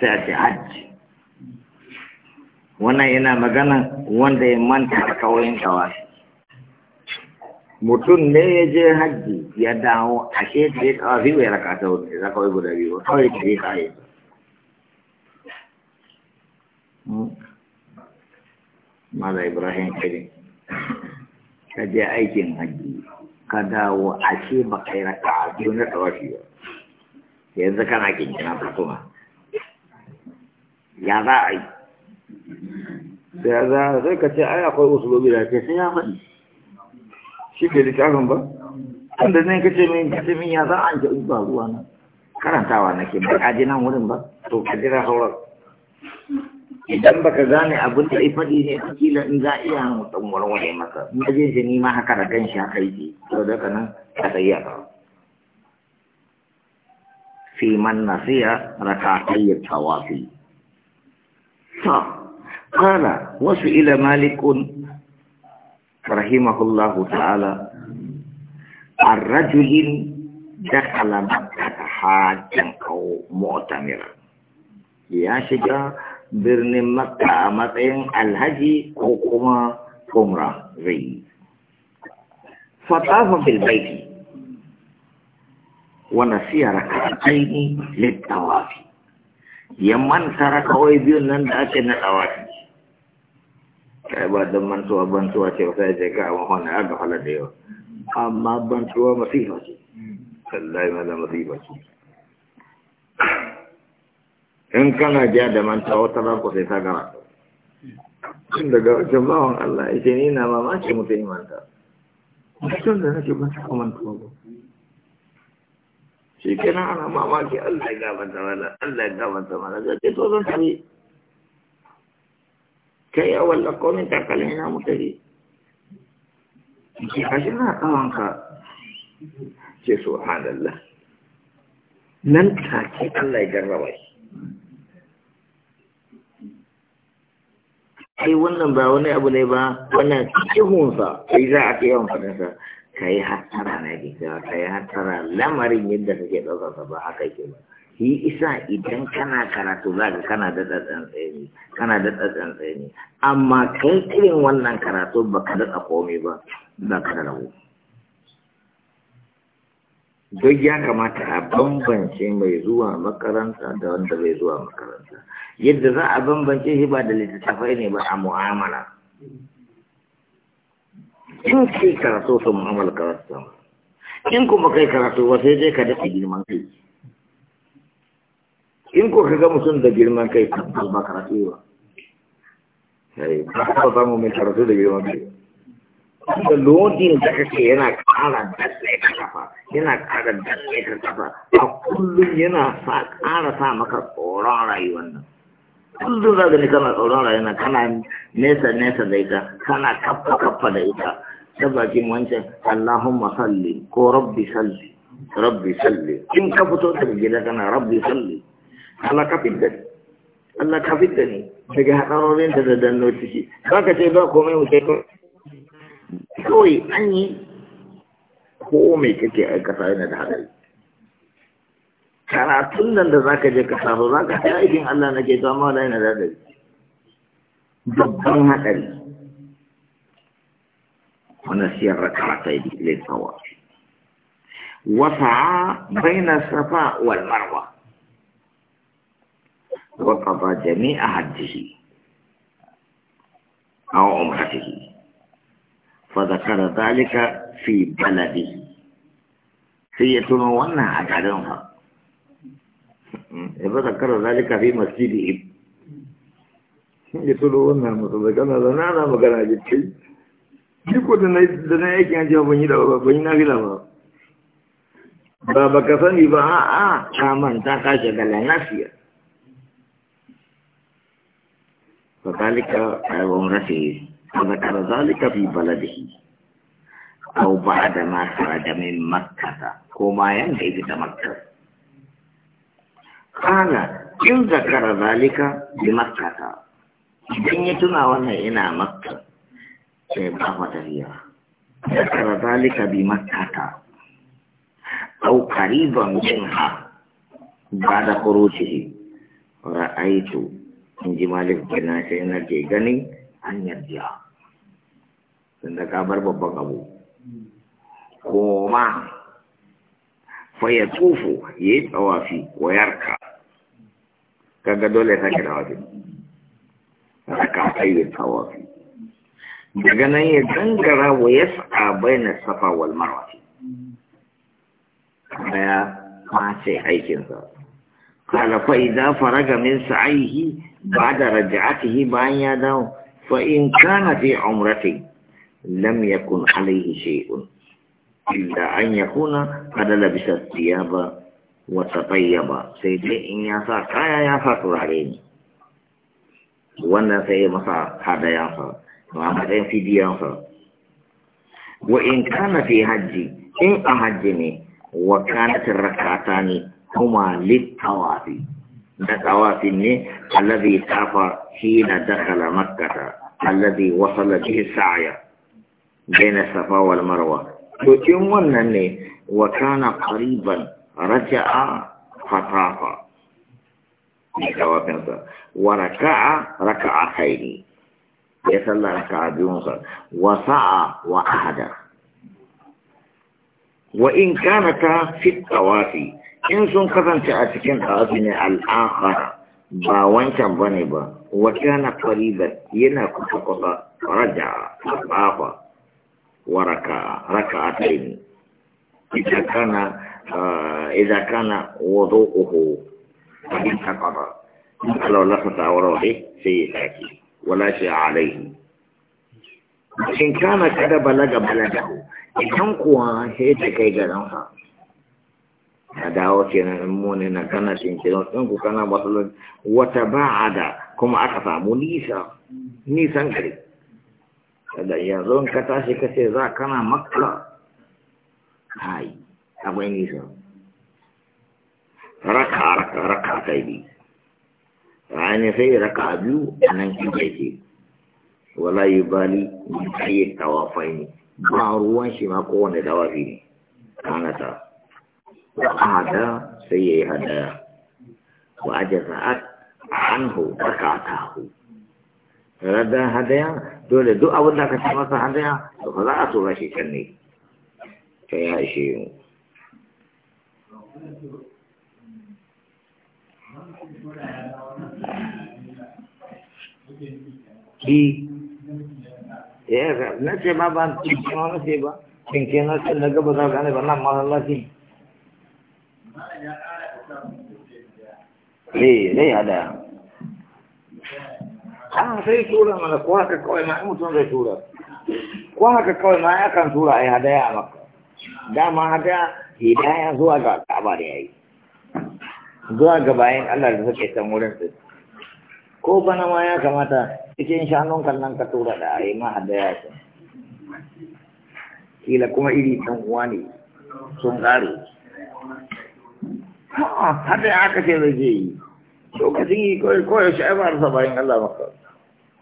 sai a ce wannan yana magana wanda ya manta da kawayin tawafi mutum ne ya je hajji ya dawo a ke da ya tawafi bai raka ta wuce za kawai guda biyu kawai ta yi kayi hmm. Mala Ibrahim Kiri, ka je aikin hajji, ka dawo a ce ba kai raka a biyu na tawafi ba, yanzu kana kinkina ta kuma. ya za a yi da ya za a zai kace ai akwai usulobi da ke sun ya faɗi shi ke littafin ba an da zai kace min kace min ya za a yi in ba ruwa na karantawa na ke mai ji nan wurin ba to ka jira haura. idan baka gane abin da ya faɗi ne a kila in za a iya ɗan warware masa in ka je shi ni ma haka da kan shi haka yi to da ka nan ka sayi a kawo fi man nasiya raka tayyar tawafi sa kana wasu ila malikun rahimahullahu ta'ala arrajulin da kalamata hajjin kawo mu'tamir ya shiga birnin makka a matsayin alhaji ko kuma umra zai fatafa bilbaiti wanda siyara ka ainihin littawafi ya manta kawai biyun nan da ake naɗawa kai ba don mantuwa bantuwa ce wata je ga awon hana ya gafala da yawa amma bantuwa masifa ce sallai mana masifa ce in kana ja da manta wata ranku sai ta gara tun daga wajen bawan Allah ya ce ni na mamace mutum manta mutum da nake ban taɓa mantuwa ba سيكنا أنا ما ماكي الله قام تمالا الله قام تمالا جاكي توضن حبي كي أول لقوم انت قال هنا متهي جي حشنا قوان خا جي سبحان الله نن تاكي الله يقربوي أي وانا باوني أبو ليبا وانا تيهون فا إذا أكي يوم فنسا ka yi hattara na cewa ka yi hatsara lamarin yadda kake ɗaukaka ba haka ke ba shi isa idan kana karatu za ka kana da tsatsan tsaye kana da tsatsan tsaye amma kai irin wannan karatu ba ka daɗa komai ba za ka da rabu duk ya kamata a bambance mai zuwa makaranta da wanda bai zuwa makaranta yadda za a bambance shi ba da littattafai ne ba a mu'amala in kai karatu su mu'amala karatu in kuma kai karatu ba sai je ka dafa girman kai in ko ga mutum da girman kai ka ba karatu ba sai ba ka mu mai karatu da girman kai da lodin da kake yana ƙara dalle ka kafa yana ƙara dalle ka kafa a kullum yana sa ƙara sa maka tsoron rayuwar nan kullum za ka ni kana tsoron rayuwa kana nesa nesa da ita kana kafa kafa da ita ta bakin wancan Allahumma salli ko rabbi salli rabbi salli in ka fito daga gida kana rabbi salli Allah ka fitta ni Allah ka fitta ni daga hadarorin da dan ciki ba ka ce ba komai wuce ko kawai an yi ko mai kake aikata yana da hadari karatun nan da zaka je ka samu zaka ta aikin Allah nake zama da yana da hadari babban hadari ونسي الركعتين للطواف وسعى بين الصفا والمروة وقضى جميع حجه أو عمرته فذكر ذلك في بلده في تنوانا أجعلها فذكر ذلك في مسجده يتلونا متذكرنا لنا أنا شيء duk ko da nai yi da ba ban yi na gida ba ba ba ka sani ba a a ka manta ka shiga lafiya fa kalika ay wa murati fa kala zalika fi baladihi aw ba'da ma khada min makkah ko ma yan da ita makkah kana in zakara zalika bi makkah idan ya tuna wannan ina makkah sai kama tafiya ذكر ذلك بمكة أو قريبا منها بعد خروجه رأيت إن na ke gani an yarda. يرجع tunda kabar babban abu koma fa ya tsufu ya yi tsawafi wayarka kaga dole ya sake dawafi raka sai ya tsawafi daga nan ya gangara wa ya sa'a bayan safa wal marwa daya kwace aikinsa kala fa idza faraga min sa'ihi ba'da raj'atihi bayan ya dawo fa in kana fi umrati lam yakun alayhi shay'un illa an yakuna qad labisa thiyaba wa tatayyaba sai dai in ya sa kaya ya sa turare ne wannan sai ya masa sa. وعمدين في ديانه وإن كان في حج إن أحجني وكانت الركعتان هما للطواف الطواف الذي طاف حين دخل مكة الذي وصل به السعي بين الصفا والمروة تتمنى وكان قريبا رجع فطاف وركع ركعتين ya sallah a biyunsa wa sa'a wa ahada wa in kana ta fi in sun kasance a cikin tawafi ne al'akhara ba wancan bane ba wa kana qariban yana kusa kusa raja wa raka kana idan kana eh, in sai wala shi alaihi in kana kada balaga balaga, idan kuwa sai ta kai garinsa a dawo kenan in mone na kana tinkirin sun ku kana matsalolin wata ba'ada kuma aka samu nisa nisan gari da yanzu in ka tashi ka ce za kana makka hai akwai nisa raka raka raka kai biyu ne sai raka biyu a nan inda yake wala yi bali min ayi tawafai ne ba ruwan shi ma kowane tawafi ne kanata wa hada sai ya yi hadaya wa ajaza'at anhu rakatahu radda hadaya dole duk abin da ka ce masa hadaya to fa za a tura shi can ne ta ya ishe mu Thank you. bi ya na a tura mana ko kawai ma ya kan tura a yi hadaya a maka dama hadaya hidaya zuwa ga kaba da ya yi zuwa ga bayan allah da suke can ko bana ma ya kamata cikin shanun kallon ka tura da a yi ma su kila kuma iri ɗan uwa ne sun ƙare ha'a hada aka ce zai je yi lokacin yi kawai kawai shi ai Allah maka